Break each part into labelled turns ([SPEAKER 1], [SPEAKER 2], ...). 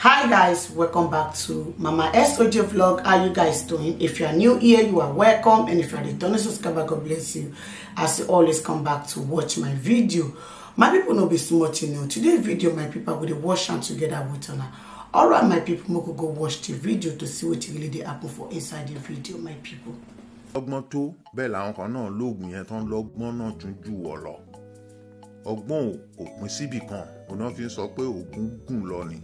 [SPEAKER 1] hi guys welcome back to mama soj vlog how you guys doing if you are new here you are welcome and if you are returning subscriber god bless you as you always come back to watch my video my people know be small you know today video my people will dey watch together with una all right my people make go watch the video to see wetin really dey happen for inside the video my people. ọgbọ́n tó bẹ́ẹ̀ síbì kan òun náà fi ń sọ pé òògùn gùn lọ ni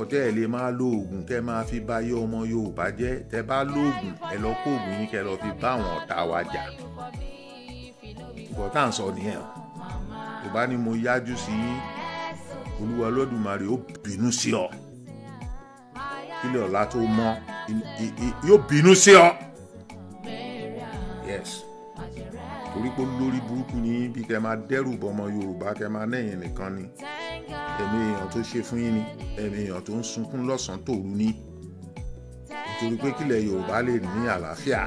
[SPEAKER 1] ọtẹ́ ẹ̀ lè máa lo oògùn kẹ́ máa fi ba yé ọmọ Yorùbá jẹ́ tẹ́ bá lóògùn ẹ lọ kó oògùn yín kẹ́ lọ fi bá àwọn ọ̀tá wa jà ìbọ̀tà ń sọ nìyẹn ò bá ní mo yájú sí yín Olúwa Olódùmarè ó bínú sí ọ kílẹ̀ ọ̀la tó mọ́ yóò bínú sí ọ yes torí pé lórí burúkú ni bí kẹ́ máa dẹ́rù bọmọ Yorùbá kẹ́ máa nẹ́yìn nìkan ni ẹ̀mí èèyàn tó ṣe fún yín ni ẹ̀mí èèyàn tó ń sunkún lọ́sàn-án tòru ni nítorí pé kílẹ̀ Yorùbá lè ní àlàáfíà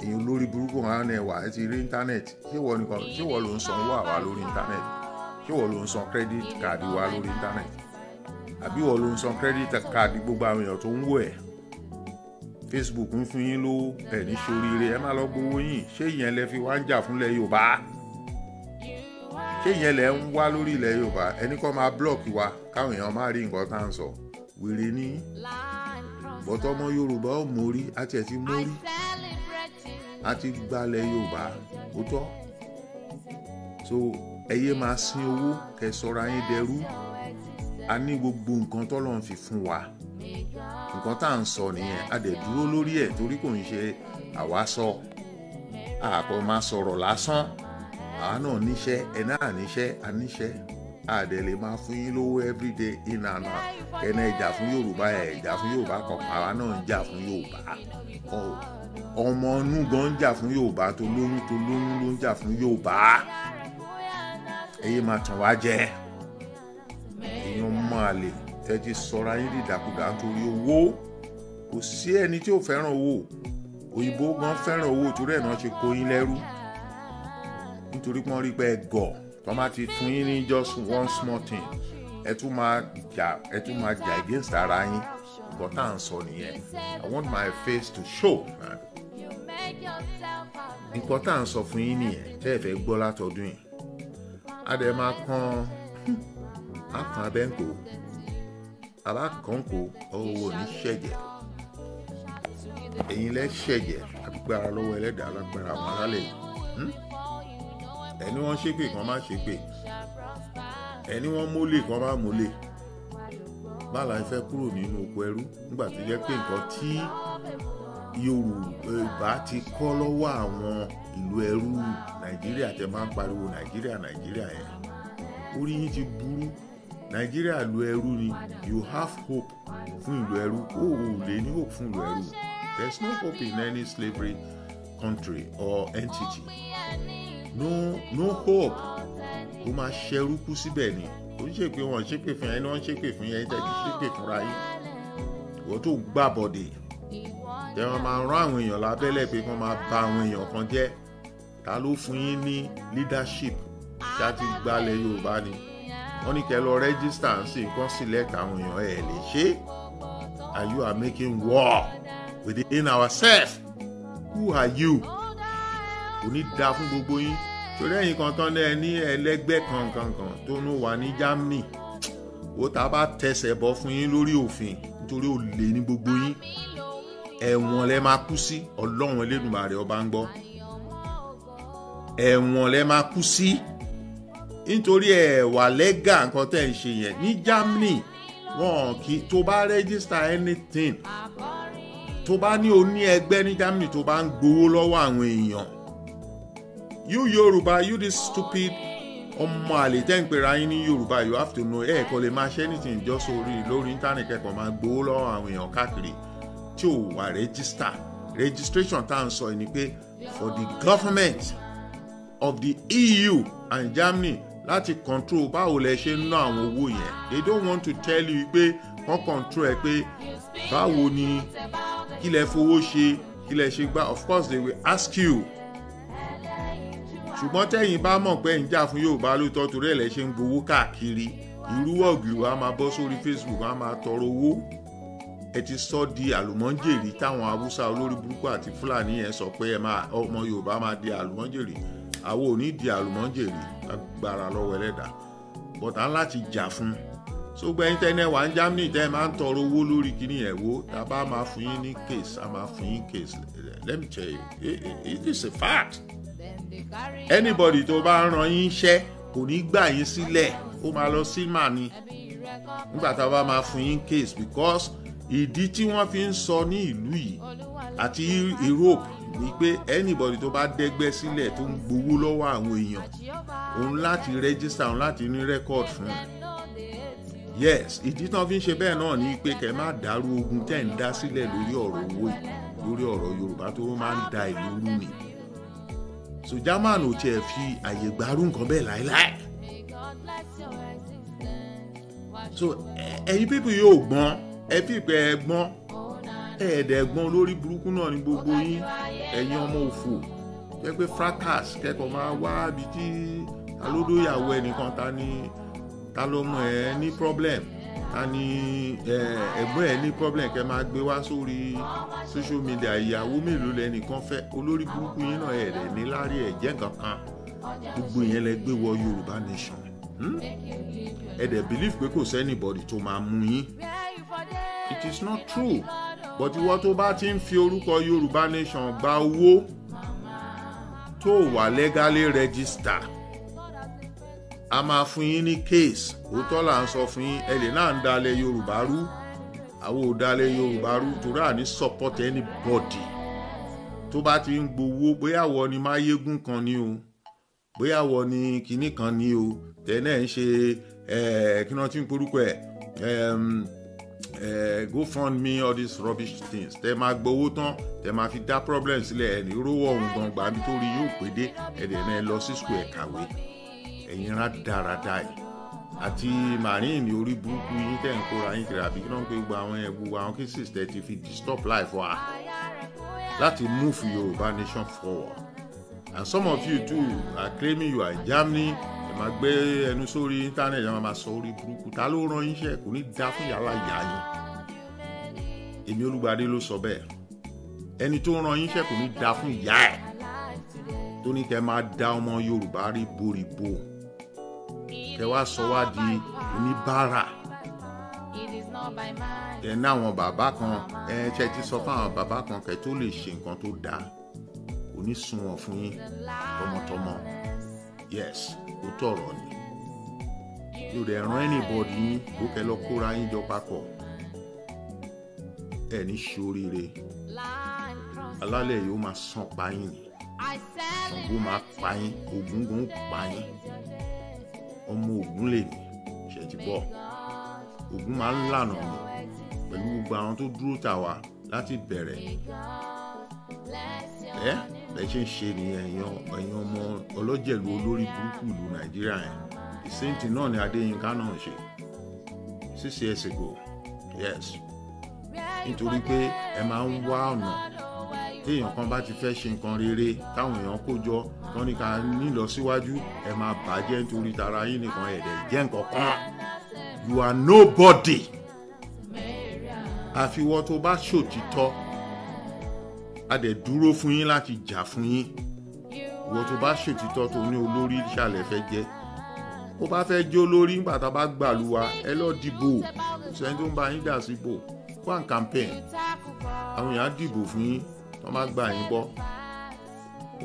[SPEAKER 1] èyí olórí burúkú kan náà wà ẹ ti rí íńtánẹ́ẹ̀tì ṣé wọ́n nìkan ṣé wọ́n ló ń san owó àwa lórí íńtánẹ́ẹ̀tì ṣé wọ́n ló ń san kírẹ́díìtì káàdì wa lórí íńtánẹ́ẹ̀tì àbí wọ́n ló ń san kírẹ́díìtì káàdì gbogbo àwọn èèyàn tó ń wò ẹ̀ Facebook ń fún yín lówó ẹ̀ ní ṣoríire ẹ má lọ gbowó yín ṣé ìyẹn lẹ fi wá ń jà fúnlẹ̀ Yorùbá téèyàn lẹ̀ ń wá lórí ilẹ̀ yorùbá ẹni kọ́ máa blọ́ọ̀kì wa káwọn èèyàn máa rí nǹkan tá à ń sọ wèrè ní bọ́tọ́mọ yorùbá ò mórí àti ẹ̀ ti mórí àti gbalẹ̀ yorùbá ó tọ́ so ẹyẹ máa sin owó kẹsọra yín dẹrú a ní gbogbo nǹkan tọ́lọ́run fi fún wa nǹkan tá à ń sọ nìyẹn a dẹ̀ dúró lórí ẹ̀ torí kò ń ṣe àwa sọ àkọ́ máa sọ̀rọ̀ lásán àwa náà níṣẹ́ ẹ̀ náà níṣẹ́ àníṣẹ́ àdẹ̀ lè máa fún yín lówó everyday in and out ẹ̀nà ìjà fún Yorùbá ẹ̀ ìjà fún Yorùbá kan àwa náà ń jà fún Yorùbá ọmọ inú gan ń jà fún Yorùbá tó lóyún tó lóyún ló ń jà fún Yorùbá ẹ̀yin máa tàn wá jẹ èèyàn máa lè tẹ́tí sọ́ra yín dìdàkudà nítorí owó kò sí ẹni tí ò fẹ́ràn owó òyìnbó gan fẹ́ràn owó torí ẹ̀ náà ṣe kó yín lẹ́rú nítorí pé wọ́n rí pé gọ̀ tó máa ti fún yín ní just one small thing ẹ tún máa jà ẹ tún máa jà against ara yín nǹkan tá à ń sọ nìyẹn I want my face to show nǹkan tá à ń sọ fún yín nìyẹn tẹ́ ẹ fẹ́ gbọ́ látọdún yìí a dẹ̀ máa kan a kan abẹ́ǹkó owó ní ṣẹ̀jẹ̀ ẹ̀yin lẹ́ lọ́wọ́ ẹlẹ́dàá lágbára àwọn alálẹ̀ yìí. Hmm? ẹni wọ́n ṣépè kan má ṣépè ẹni wọ́n mólè kan má mólè bàlá fẹ́ kúrò nínú oko ẹrú nígbà tó jẹ́ pé nǹkan tí Yorùbá ti kọ́ lọ́wọ́ àwọn ìlú ẹrú Nàìjíríà tẹ máa ń pariwo Nàìjíríà Nàìjíríà yẹn orí yín ti burú Nàìjíríà ìlú ẹrú ni you have hope fún ìlú ẹrú o ò lè ní hope fún ìlú ẹrú there is no hope in any slavery country or entity no no hope ó máa ṣẹrú kú síbẹ̀ ni ó ń ṣèpè wọn ṣépè fún yẹn ni wọ́n ń ṣépè fún yẹn jẹ́ kí ṣépè fúnra yín ìwọ́n tó gbà bọ̀dẹ̀ tẹ wọn máa rán àwọn èèyàn lábẹ́lẹ̀ pé wọ́n máa bà àwọn èèyàn kan jẹ́ ta ló fún yín ní leadership ṣá ti gbalẹ̀ Yorùbá ni wọ́n ní kẹ́ lọ rẹ́gísítà ń sìn kán select àwọn èèyàn ẹ̀ lè ṣe and you are making war within ourselves who are you kò ní da fún gbogbo yín torí ẹ̀yin kan náà ní ẹlẹ́gbẹ́ kankankan tó ń wà ní Germany ó ta bá tẹsẹ̀ bọ́ fún yín lórí òfin nítorí ó lè ní gbogbo yín ẹ̀wọ̀n lẹ máa kú sí ọlọ́run Elédùmarè ọba ń gbọ́ ẹ̀wọ̀n lẹ máa kú sí nítorí ẹ̀wà lẹ́gà nǹkan tẹ̀ ń ṣe yẹn ní Germany wọn kì í tó bá rẹ́gísítà anything tó bá ní o ní ẹgbẹ́ ní Germany tó bá ń gbowó lọ́wọ́ àwọn èèyàn you Yoruba, you this stupid ọmọ àlè tẹ́ ń pera yín ní yorùbá you have to know ẹ̀ kọ́ lè máa ṣe anything just orí lórí internet kẹ́kọ̀ọ́ máa gbowó lọ́wọ́ àwọn èèyàn káàkiri tí ò wà rẹ́gísítà registration tá à ń sọ ni pé for the government of the EU and Germany láti control báwo lẹ ṣe ń ná àwọn owó yẹn they don't want to tell you pé wọ́n control ẹ pé báwo ni kí lẹ fowó ṣe kí lẹ ṣe gbà of course they will ask you ṣùgbọ́n tẹ́yìn bá mọ̀ pé ń jà fún Yorùbá lóòótọ́ torí ẹ̀ lẹ́ ṣe ń gbowó káàkiri irú ọ̀gìrò á máa bọ́ sórí Facebook á máa tọrọ owó ẹ ti sọ di àlùmọ́jèrì táwọn Haúsá olórí burúkú àti Fúlàní yẹn sọ pé ẹ máa ọmọ Yorùbá máa di àlùmọ́jèrì àwọn ò ní di àlùmọ́jèrì agbára lọ́wọ́ ẹlẹ́dàá bọ̀tà ńlá ti jà fún un sógbẹ́yìn tẹ́nẹ̀ wà ń Germany tẹ́ ẹ máa ń tọrọ owó lórí kíní ẹ̀ wo tá a bá máa fún yín ní case a máa fún yín case let me tell you it is a fact anybody tó bá ràn yín ṣẹ́ kò ní gbà yín sílẹ̀ ó máa lọ sí màní nígbà tá a bá máa fún yín case because ìdí tí wọ́n fi ń sọ ní ìlú yìí àti Europe ni pé anybody tó bá dẹ́gbẹ́ sílẹ̀ tó ń gbowó lọ́wọ́ àwọn èèyàn òun láti register òun láti ní record fún un yes ìdí tán fi ń ṣe bẹ́ẹ̀ náà ni pé kẹ́ má dàrú ogun tẹ̀ ń dá sílẹ̀ lórí ọ̀rọ̀ owó lórí ọ̀rọ̀ Yorùbá tó máa ń da ìlú rú ni so German ò tiẹ̀ fi àyè gbárù nǹkan bẹ́ẹ̀ láéláé so ẹ̀yin pípì yóò gbọ́n ẹ pípì ẹ gbọ́n ẹ̀ẹ́dẹ̀gbọ́n lórí burúkú náà ni gbogbo yín ẹ̀yin ọmọ òfò jẹ́ pé fracas kẹ́kọ̀ọ́ máa wá bí tí alódóyàwó ẹnìkan ta ni ta ló mọ̀ ẹ́ ní problem a ní ẹ̀gbọ́n ẹ̀ ní problem kẹ́ máa gbé wá sórí social media ìyàwó mélòó lẹ́nìkan fẹ́ olórí burúkú yín náà ẹ̀ rẹ̀ ní lárí ẹ̀ jẹ́ nǹkan kan gbogbo yẹn lẹ gbé wọ Yorùbá nation hmm? ẹ dẹ̀ believe pé kò sẹ́nìbọ̀dì tó máa mú yín it is not true but ìwọ tó bá ti ń fi orúkọ Yorùbá nation gba owó tó wà legally register a máa fún yín ní case òótọ́ là ń sọ fún yín ẹlẹ́ náà ń dalẹ̀ yorùbá rú àwọn ò dalẹ̀ yorùbá rú torí àní support anybody tó bá ti ń gbowó bóyá wọ ni máyégún kan ni o bóyá wọ ni kinní kan ni o tẹ́lẹ̀ ń ṣe kí wọ́n ti ń porúkọ ẹ̀ GoFundMe all these rubbish things tẹ́ máa gbowó tán tẹ́ máa fi dá problem sílẹ̀ ẹ̀ ní rówó ọ̀hún gbọ̀ngbà nítorí yóò pé dé ẹ̀dẹ̀ náà lọ sí school ẹ̀ kàwé ẹ̀yin rádaràda yìí àti marine orí burúkú yín tẹ̀ ń kóra yín kiri àbí kí wọ́n pe gba àwọn ẹ̀gbù àwọn cases tẹ̀ ti fi stop life wa láti move Yorùbá nation forward and some of you too are claiming you are in Germany ẹ máa gbé ẹnu sórí internet ẹ máa sọ orí burúkú ta ló rán yín ṣe kò ní dá fún yàrá ìyá yín èmi Olúgbadé ló sọ bẹ́ẹ̀ ẹni tó rán yín kò ní dá fún ìyá ẹ̀ tó ní kẹ́ máa dá ọmọ Yorùbá rí boríbo kẹ́ wá sọ wá di oníbàárà ẹ̀ná àwọn bàbá kan ẹ ṣe ti sọ fún àwọn bàbá kan kẹ́ tó lè ṣe nǹkan tó dáa onísunwọ̀n fún yín tọmọtọmọ yes ó tọ̀rọ̀ ni yóò dẹ̀ ran anybody yín kó kẹ́ lọ kóra yín jọ papọ̀ ẹ̀ ní ṣoríire alálẹ̀ yóò máa sàn pa yín Ṣàngó máa pa yín Ògún pa yín ọmọ Ògùn lè ní ṣe ti bọ̀ Ògùn máa ń lànà ni pẹ̀lú gbogbo àwọn tó dúró tà wá láti bẹ̀rẹ̀ ẹ lẹ ṣe ń ṣe nìyẹn ẹ̀yin ọmọ ọlọ́jẹ̀lú olórí burúkú ìlú Nàìjíríà yẹn ìsèǹtì náà ni Adéyínká náà ṣe six years ago yes nítorí pé ẹ máa ń wá ọ̀nà téèyàn kan bá ti fẹ́ ṣe nǹkan rere táwọn èèyàn kó jọ tán ní ká nílọsíwájú ẹ máa bàjẹ́ nítorí tara yín nìkan ẹ̀dẹ̀ jẹ́ nǹkan kan you are nobody àfiwọ́ tó bá ṣòtítọ́ a dẹ̀ dúró fún yín láti jà fún yín ìwọ tó bá ṣòtítọ́ tó ní olórí ṣàlẹ̀ fẹ́ jẹ́ ó bá fẹ́ jó lórí nígbà tá a bá gbàlúwa ẹ lọ dìbò kò ń bá yín dà síbò one campaign àwọn èèyàn á dìbò fún yín wọ́n má gbà yín gbọ́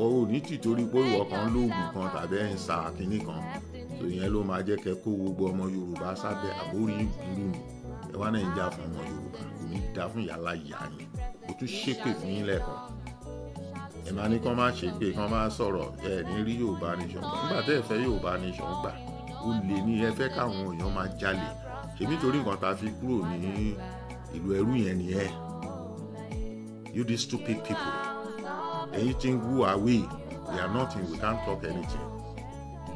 [SPEAKER 1] o ò ní tì torí pé ìwọ kan lóògùn kan tàbí ẹ̀ ń sa kínní kan tó yẹn ló máa jẹ́ kẹ́ kó gbogbo ọmọ yorùbá sábẹ́ àbórí ìlú mi ẹ wá náà ń jà fún ọmọ yorùbá kò ní dá fún yàrá ìyá yín o tún ṣépè fún yín lẹ́kọ̀ọ́ ẹ máa ní kán máa ṣépè kán máa sọ̀rọ̀ ẹ ní rí yorùbá nation gbà nígbà tẹ́ ẹ fẹ́ yorùbá nation gbà ó lè ní ẹ fẹ́ káwọn èèyàn máa jalè ṣèmi torí nǹkan ta fi kúrò ní ìlú ẹrú yẹn nìyẹn You these stupid people. And you think, who are we? We are nothing. We can't talk anything.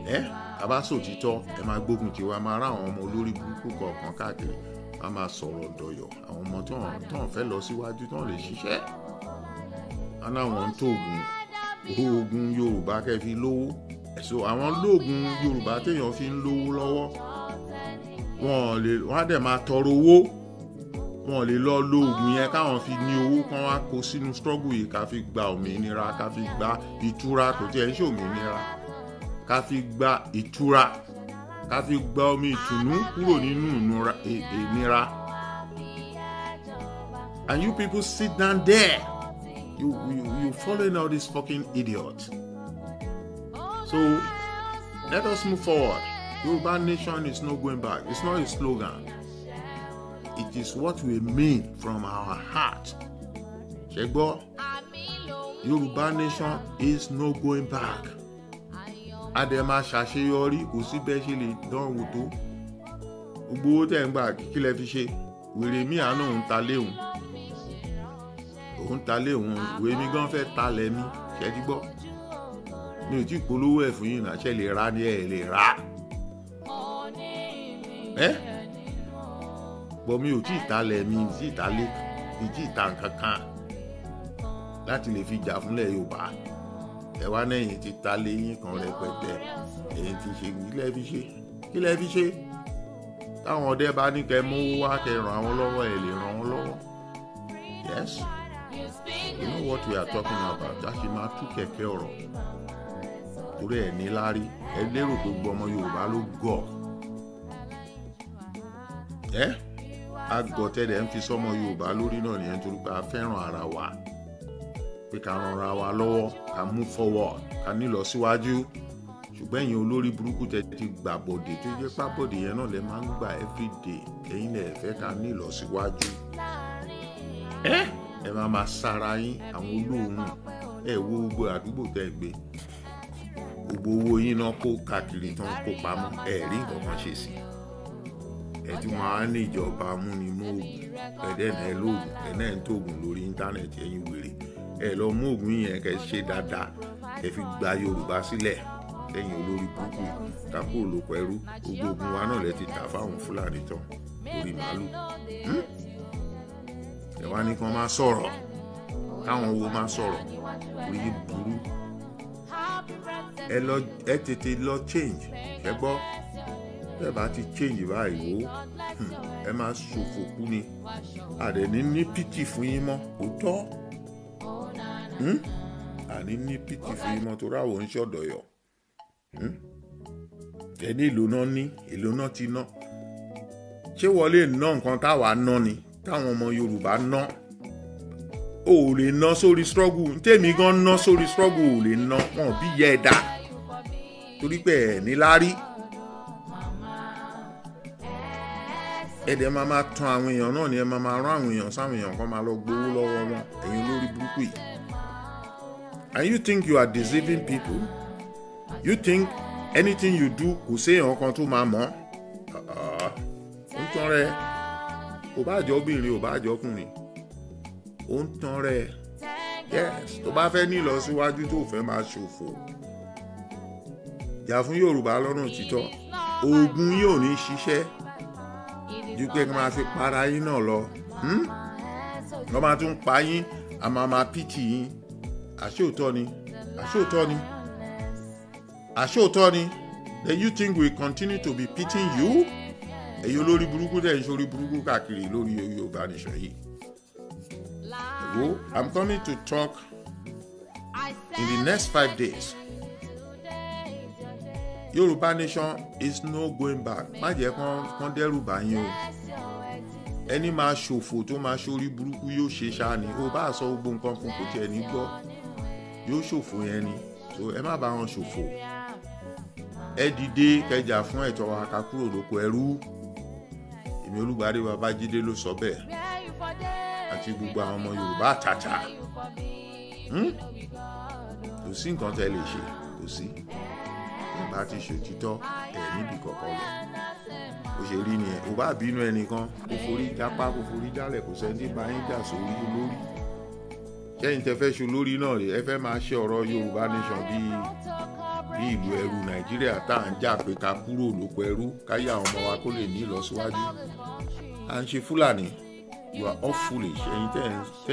[SPEAKER 1] Eh? Abasòtítọ́ ẹ máa gbógun ti wa máa rá àwọn ọmọ olórí burúkú kọ̀ọ̀kan káàkiri a máa sọ̀rọ̀ dọ̀yọ̀ àwọn ọmọ tó ń fẹ́ lọ síwájú tó ń lè ṣiṣẹ́. a náwọn ń tóògùn oògùn Yorùbá kẹ́ fi lówó ẹ̀sọ́ àwọn lóògùn Yorùbá téèyàn fi ń lówó lọ́wọ́ wọn á dẹ̀ máa tọrọ owó wọn lè lọ lo oògùn yẹn ah. káwọn fi ní owó kan wá kó sínú struggle yìí ká fi gba òmìnira ká fi gba ìtura kò tí ń ṣe òmìnira ká fi gba ìtura ká fi gba omi ìtùnú kúrò nínú e, ìnira. And you people sit down there. You you you following all these fucking idiots. So let us move forward. Yoruba nation is not going back. It's not a slogan it is what we mean from our heart. ṣe gbọ́ nation is no going back. Adema ṣàṣeyọrí kò sí bẹ́ẹ̀ ṣe lè dánwò tó. gbogbo owó tẹ̀ ń gbà kí lẹ fi ṣe wèrè àánú òun ta léhùn òun ta léhùn ìwé mi gan fẹ́ ta lẹ́mí ṣẹ́ gbọ́ mi ò tí polówó ẹ̀ fún yìí náà ṣe lè ra ni ẹ̀ lè ra. ẹ́ bọ̀ mi ò tí ì talẹ̀ mi ì tí ì talé ì tí ì ta nǹkan láti lè fi jà fúnlẹ̀ Yorùbá ẹ wá náà yìí ti talé yín kan rẹpẹtẹ èyí ti ṣe kí lẹ fi ṣe kí lẹ fi ṣe táwọn ọdẹ bá ní kẹ́ mú wá kẹ́ ràn àwọn lọ́wọ́ ẹ lè ràn wọn lọ́wọ́ yes you know what we are talking about láti máa tú kẹ̀kẹ́ ọ̀rọ̀ torí ẹ̀ ní lárí ẹ lérò gbogbo ọmọ Yorùbá ló gọ̀ ẹ́. Eh? agọ̀tẹ̀dẹ̀ ń fi sọ́mọ Yorùbá lórí náà nìyẹn torí pé a fẹ́ràn ara wa pé ká ran ara wa lọ́wọ́ ká move forward ká nílọ síwájú ṣùgbọ́n ẹ̀yin olórí burúkú tẹ ti gbà bòdè tó jẹ́ pábòdè yẹn náà lẹ máa ń gbà everyday ẹ̀yin lẹ fẹ́ ká nílọ síwájú ẹ ẹ máa máa sára yín àwọn olóòórùn ẹ wo gbogbo àdúgbò tẹ gbé gbogbo owó yín náà kó káàkiri tán kó pamọ́ ẹ rí nǹkan kan ṣe sí i ẹ ti máa ní ìjọba amúnimóògùn ẹ̀dẹ́nà ẹ lóògùn ẹ̀dẹ́nà ń tóògùn lórí íńtánẹ̀tì ẹ̀yin wèrè ẹ lọ mú òògùn yẹn kẹ ṣe dáadáa ẹ fi gba Yorùbá sílẹ̀ lẹ́yìn olórí burúkú tako olùkọ ẹrú gbogbo ogun wa náà lẹ ti tà fáwọn Fúlàní tán lórí màálù ẹ wá ní kí wọ́n máa sọ̀rọ̀ káwọn wo máa sọ̀rọ̀ orí burú ẹ tètè lọ change ẹ gbọ́ tẹ́ bá ti change báyìí wò ẹ máa ṣòfò kú ni àdẹ̀ní ní pìtì fún yín mọ́ kò tọ́ àní ní pìtì fún yín mọ́ torí àwọn ń ṣọ̀dọ̀yọ̀ ẹni èlò náà ní èlò náà ti ná ṣé wọlé ná nǹkan táwa ná ni táwọn ọmọ Yorùbá ná ò lè ná sórí struggle tèmi gan ná sórí struggle ò lè ná wọn bí yẹ ẹ dá torí pé ẹ ní láárí. ẹ̀dẹ̀ máa máa tan àwọn èèyàn náà ni ẹ máa máa rán àwọn èèyàn sáwọn èèyàn kan máa lọ gbowó lọ́wọ́ wọn ẹ̀yin olórí burúkú yìí. and you think you are deceiving people you think anything you do kò séèyàn kan tó máa mọ̀ uh-uh. ó ń tan rẹ kò bá jọ obìnrin kò bá jọ ọkùnrin ó ń tan rẹ yes tó bá fẹ́ ní ìlọsíwájú tó fẹ́ máa ṣòfò jà fún Yorùbá lọ́rùn títọ́ oògùn yóò ní ṣiṣẹ́ ju pé kí n máa fi para yín náà lọ lọ́ hmm? máa tún pa yín àmọ́ máa pìtì yín àṣóòtọ́ ni àṣóòtọ́ ni àṣóòtọ́ ni then you think we continue to be pitying you èyí olórí burúkú dẹ̀ ń sórí burúkú káàkiri lórí Yorùbá nìṣẹ́ yìí. I'm coming to talk in the next five days Yorùbá nation is no going back má jẹ́ kán dẹ́rù báyìí o ẹni máa ṣòfò tó máa ṣorí burúkú yóò ṣe ṣáni o bá sọ gbogbo nǹkan fún kò tiẹ̀ ní gbọ́ yóò ṣòfò yẹn ni so ẹ má bá wọn ṣòfò ẹ dìde kẹjà fún ẹ̀tọ́ wa ká kúrò lóko ẹrú èmi Olúgbadé Babájídé ló sọ bẹ́ẹ̀ àti gbogbo àwọn ọmọ Yorùbá àtàtà hmm? kò sí nǹkan tẹ́ lè ṣe kò sí bá ti ṣòtítọ́ ẹ̀ níbi kọ̀ọ̀kan lọ kò ṣe rí nìyẹn ò bá bínú ẹnìkan kò forí jápá kò forí jálẹ̀ kò sẹ́ni bá yín jà sórí olórí kẹ́yìn tẹ fẹ́ ṣe olórí náà rè é fẹ́ máa ṣe ọ̀rọ̀ Yorùbá nation bíi bí ìlú ẹrú Nàìjíríà tá à ń jà pé ká kúrò lóko ẹrú káyà àwọn ọmọ wa kó lè ní ìlọsíwájú à ń ṣe Fúlàní you are all foolish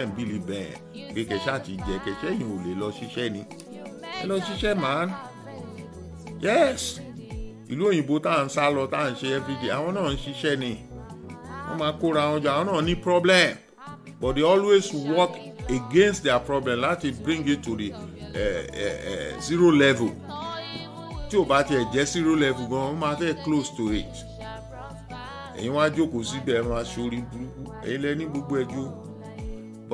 [SPEAKER 1] ń bìlì bẹ́ẹ̀ pé kẹ̀ṣẹ́ àti jẹ́ kẹ̀ṣẹ́ yìí ò lè lọ ṣiṣẹ́ ni ẹ lọ ṣiṣẹ́ màá yes ìlú òyìnbó tá à ń sá lọ tá à ń ṣe everyday àwọn náà ń ṣiṣẹ́ ni wọ́n máa kóra wọn jọ àwọn náà ní problem but they always work against their problem láti bring it to the uh, uh, uh, zero level tí ò bá tiẹ̀ jẹ́ zero level gan wọ́n máa fẹ́ close to it ẹ̀yin wá jókòó síbẹ̀ ẹ̀ máa ṣorí burúkú ẹ̀yin lẹ ní gbogbo ẹjọ́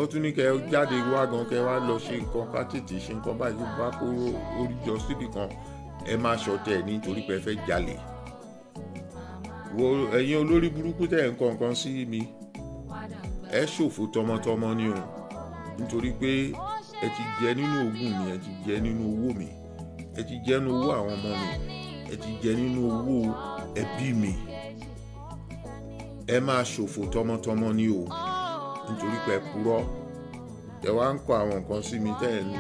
[SPEAKER 1] ó tún ní kẹ jáde wá gan kẹ wá lọ ṣe nǹkan ká tètè ṣe nǹkan báyìí bá kó orí síbì kan ẹ máa ṣọ̀tẹ̀ ẹ̀ nítorí pé ẹ fẹ́ jalè wo ẹ̀yin olórí burúkú tẹ̀ ń kọ́ nǹkan sí mi ẹ ṣòfò tọmọtọmọ ni o nítorí pé ẹ ti jẹ nínú ogún mi ẹ ti jẹ nínú owó mi ẹ ti jẹ nínú owó àwọn ọmọ mi ẹ ti jẹ nínú owó ẹbí mi ẹ máa ṣòfò tọmọtọmọ ni o nítorí pé ẹ purọ́ ẹ wá ń kọ àwọn nǹkan sí mi tẹ́ ẹ̀ ní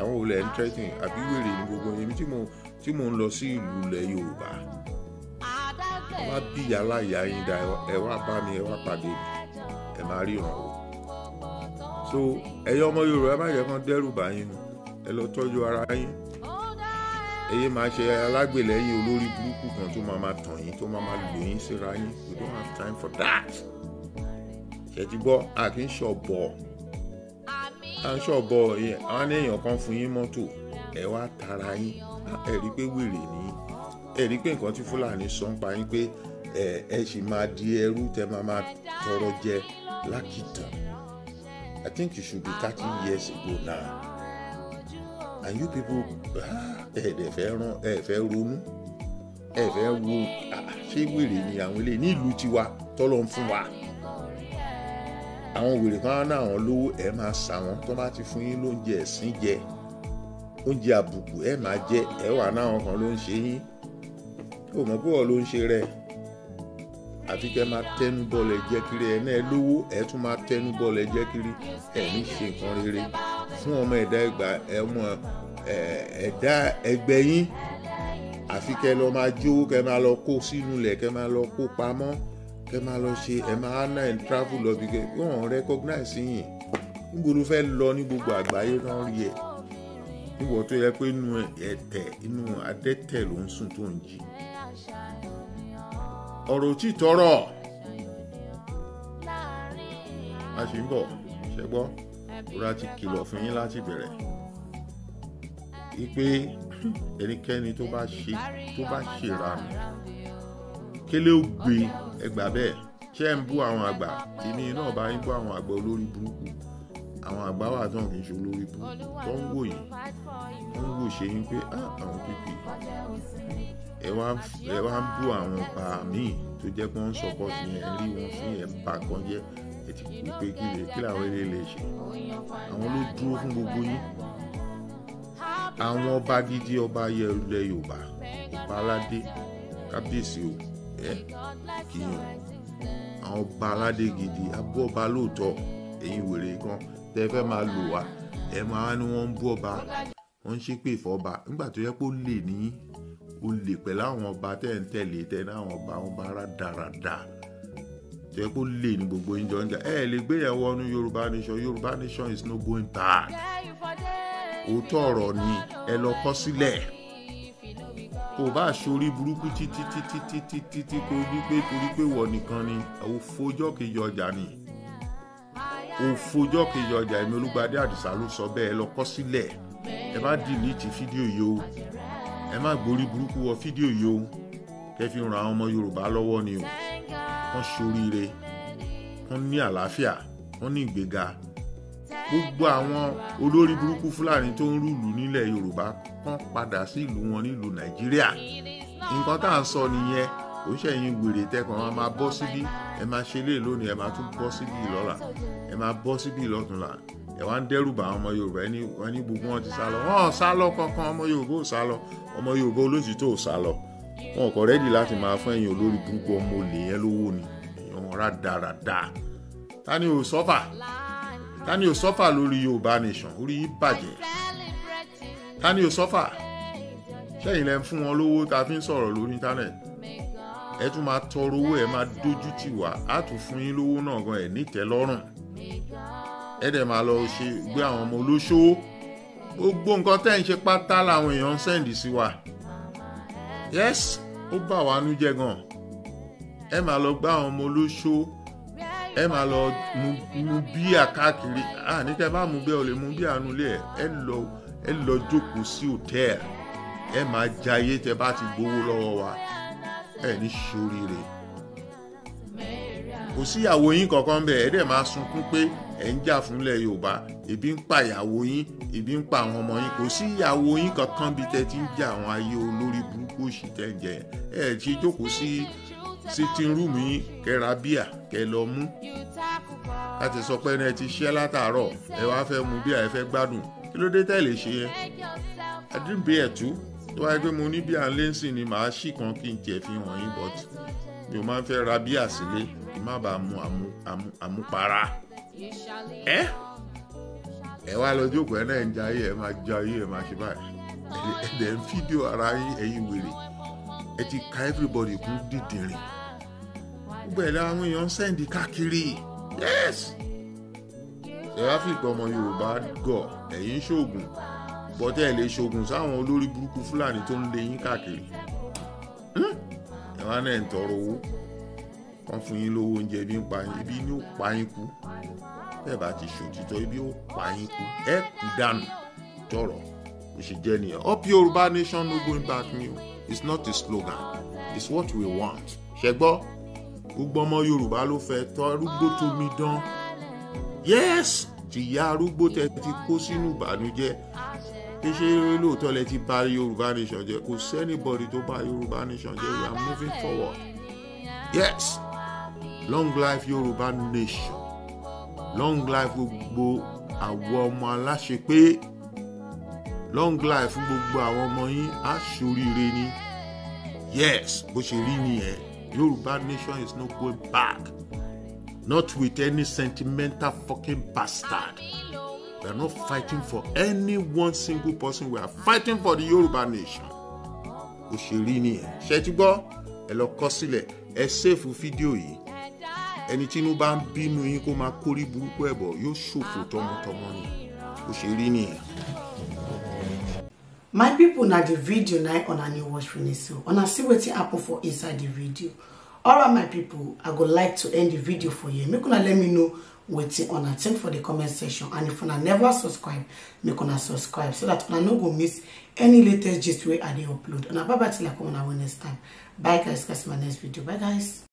[SPEAKER 1] àwọn olè ń tẹ́tìn àbí wèrè ní gbogbo mi tí mo tí mò ń lọ sí ìlú ilẹ̀ Yorùbá wá bí aláìyá yín dá ẹ wá bá mi ẹ wá pàdé mi ẹ máa rí ìrànwọ́ so ẹ̀yin ọmọ Yorùbá má jẹ́ kán dẹ́rù bá yín ẹ lọ tọ́jú ara yín èyí máa ṣe alágbèlẹ́yìn olórí burúkú kan tó máa máa tàn yín tó máa máa lò yín síra yín we don't have time for that. ṣètì gbọ́ a kì í ṣọ̀bọ̀ a ń ṣọ̀bọ̀ yẹn àwọn èèyàn kan fún yín mọ́tò ẹ wá tara yín ẹ rí i pé wèrè ní ẹ rí i pé nǹkan tí fúlàní sọ ń pa yín pé ẹ ẹ sì máa di ẹrú tẹ máa máa tọrọ jẹ lákìtàn I think you should be thirty years ago now and you people ah, ẹ ẹ fẹ́ rán ẹ fẹ́ ronú ẹ fẹ́ wo ah, ṣé wèrè ni àwọn eléyìí nílùú tiwa tọ́lọ́ ń fún wa àwọn wèrè kan náà àwọn lówó ẹ máa sà wọn tó bá ti fún yín lóúnjẹ ẹ̀sìn jẹ oúnjẹ àbùkù ẹ máa jẹ ẹ wà náwọn kan ló ń ṣe yín ó mọ̀ pé wọ́n ló ń ṣe rẹ̀ àfi kẹ́ máa tẹnu bọ́lẹ̀ jẹ́ kiri ẹ̀ náà lówó ẹ̀ tún máa tẹnu bọ́lẹ̀ jẹ́ kiri ẹ̀ ní ṣe nǹkan rere fún ọmọ ẹ̀dá ẹgbà ẹ̀mọ ẹ̀dá ẹgbẹ́ yín àfi kẹ́ lọ máa jówó kẹ́ máa lọ kó sínú ilẹ̀ kẹ́ máa lọ kó pamọ́ kẹ́ máa lọ ṣe ẹ̀ máa ná ẹ̀ travel lọ bí kẹ́ wọ́n recognize yín níbo ló fẹ́ lọ ní gbogbo àgbáyé náà rí ẹ̀ níwọ̀ tó yẹ pé inú ẹ̀tẹ̀ inú adẹ́tẹ̀ ló ń sùn tó ń jí ọ̀rọ̀ tí tọrọ a sì ń bọ̀ ṣẹ́gbọ́ rúra ti kìlọ̀ fún yín láti bẹ̀rẹ̀ ipe ẹnikẹ́ni tó bá ṣe tó bá ṣèrànù kélé ó gbé ẹgbà bẹ́ẹ̀ ṣé ń bú àwọn àgbà tèmi náà bá ń bú àwọn àgbà olórí burúkú àwọn àgbà wà tán kì í ṣe olórí bu tó ń wò yìí tó ń wò ṣe yín pé ah, àwọn pípì ẹ wá ń bú àwọn pa míì tó jẹ́ pé wọ́n ń support yẹn ẹ rí wọn fún yẹn bá kan jẹ́ ẹ ti kú pé kí lè kí làwọn eré lè ṣe àwọn ló dúró fún gbogbo yín àwọn ọba gidi ọba ilẹ̀ Yorùbá ọba aládé kábíyèsí o ẹ kìyàn àwọn ọba aládé gidi abú ọba lóòótọ́ ẹ̀yin wèrè kan. tẹ́ fẹ́ máa lò wá ẹ máa ní wọn ń bú ọba wọ́n ń ṣépè fọba nígbà tó yẹ pé lè ní lè ọba tẹ́ ń tẹ̀lé ọba wọn bá ara dáradá tó yẹ gbogbo ìjọ ńjà ẹ lè gbé yẹn Yorùbá nation Yorùbá nation is no going back òótọ́ ọ̀rọ̀ ni ẹ lọ kọ́ sílẹ̀ kò bá sórí burúkú títí títí títí títí kò ní pé torí pé wọ̀ nìkan ni òfojọ́ kejì ọjà ni. òfojọ́ kejì ọjà èmi Olúgbadé Àdìsá ló sọ bẹ́ẹ̀ lọ kọ sílẹ̀ ẹ má dìlítì fídíò yìí o ẹ má gborí burúkú wọ fídíò yìí o kẹ́ fi ran àwọn ọmọ Yorùbá lọ́wọ́ ni o wọ́n ṣoríire wọ́n ní àlàáfíà wọ́n ní ìgbéga gbogbo àwọn olórí burúkú Fúlàní tó ń rúlù nílẹ̀ Yorùbá kán padà sí ìlú wọn nílùú Nàìjíríà nǹkan tá à ń sọ nìyẹn ó ṣẹ̀yìn wèrè tẹ́kàn á máa bọ́ síbí ẹ máa ṣe lé lónìí ẹ máa tún bọ́ síbí lọ́la ẹ máa bọ́ síbí lọ́túnla ẹ wá ń dẹ́rùbà àwọn ọmọ yorùbá ẹni wọn ní gbogbo wọn ti sá lọ wọn ò sá lọ kankan ọmọ yorùbá ò sá lọ ọmọ yorùbá olóṣìṣẹ́ ò sá lọ wọn ò kọ rẹ́dì láti máa fún ẹ̀yìn olórí burúkú ọmọ olè yẹn lówó ni èèyàn wọn rádaràda tani ò sọ́fà tani ò sọ́fà lórí yorùbá nation orí yìí bàjẹ́ tani ò sọ́fà sẹ́yìn lẹ́ ń fún wọn lówó tá a fi ń sọ̀rọ̀ lórí íńtánẹ́ẹ̀tì ẹ tún máa tọrọ owó ẹ máa dójú tì wá á tún fún yín lówó náà gan ẹ nítẹ́lọ́rùn ẹ dẹ̀ máa lọ ṣe gbé àwọn ọmọ olóṣòwò gbogbo nǹkan tẹ́ ń ṣe pátá làwọn èèyàn ń sẹ́ǹdì sí wa yes ó bà wá nú jẹ́ gan ẹ máa lọ gbá àwọn ọmọ olóṣó ẹ máa lọ mu bíà káàkiri àní tẹ́ bá mu bẹ́ẹ̀ ò lè mu bíà nu ilé ẹ ẹ lọ jókòó sí hòtẹ́ẹ̀lì ẹ máa jayé tẹ́ bá ti gbowó lọ́wọ́ wa ẹ ní ṣoríire kò sí ìyàwó yín kankan bẹ́ẹ̀ ẹ dẹ̀ máa sunkún pé ẹ̀ ń jà fúnlẹ̀ yorùbá ebi ń pa ìyàwó yín ebi ń pa àwọn ọmọ yín kò sí ìyàwó yín kankan bíi tẹ́ ti ń jà àwọn ayé olórí burúkú òṣì tẹ́ ń jẹ ẹ̀ ṣe jókòó sí sitting room yín kẹ́ra bíà kẹ́ lọ mú láti sọ pé ẹ ti ṣiṣẹ́ látàárọ̀ ẹ wá fẹ́ mu bíà ẹ fẹ́ gbádùn kí ló dé tẹ́ lè ṣe yẹn adúmbìyẹ̀tú tó wáyé pé mo ní bíà lẹ́sìn ni màá ṣì kan kí n tiẹ̀ fi hàn yín but mi ò máa ń fẹ́ ra bíà sílé kí n má bàa mu àmupara ẹ ẹ wá lọ jókòó ẹ náà ń jayé ẹ máa jayé ẹ máa ṣe báyìí ẹ dẹ̀ ń fídíò ara yín ẹ̀yin wèrè ẹ ti ka everybody kún dídìrín gbogbo ẹ̀ láwọn èèyàn ń sẹ́ǹdì káàkiri yes ẹ wá fi ìpè Yorùbá gọ̀ ẹ̀yin ṣoògùn bọ́tẹ́ ẹ̀ lè ṣoògùn sáwọn olórí burúkú fúlàní tó ń lé yín káàkiri hmm? ẹ̀wọ̀n náà ń tọrọ owó kan fún yín lówó oúnjẹ ibi ń pa yín ibi ní ó pa yín kú bẹ́ẹ̀ bá ti ṣòtítọ́ ibi ó pa yín kú ẹ kú dànù tọrọ bó ṣe jẹ́ nìyẹn up yorùbá nation no going back new it's not a slogan it's what we want ṣẹgbọ́ gbogbo ọmọ yorùbá ló fẹ́ tọ́ arúgbó tómi dán yes tìyá arúgbó tẹ ti kó sínú ìbànújẹ́ ṣe lóòótọ́ lẹ ti bà Yorùbá nation jẹ́ kò sẹ́nìbọ̀dì tó bà Yorùbá nation jẹ́ we are moving forward yes long life Yorùbá nation long life gbogbo àwọn ọmọ aláṣẹ pé long life fún gbogbo àwọn ọmọ yín á ni yes bó ṣe rí nìyẹn Yorùbá nation is no going back not with any sentimental fucking bastard. We are not fighting for any one single person. We are fighting for the Yoruba nation. Òṣèré ni ẹ̀. Ṣé ti gbọ́? Ẹ lọ kọ sílẹ̀. Ẹ ṣèfù fídíò yìí. Ẹni tí inú bá ń bínú yín kó máa kórí burúkú ẹ̀ yóò ṣòfò tọmọtọmọ ni. Òṣèré ni ẹ̀. My people na the video na una new watch finish so una see wetin happen for inside the video. All right my people, I go like to end the video for here. Make una let me know wetin una think for the comment section and if una never subscribe make una subscribe so that una no go miss any latest gist wey i dey upload una bye bye till i come una next time bye guys guys my next video bye guys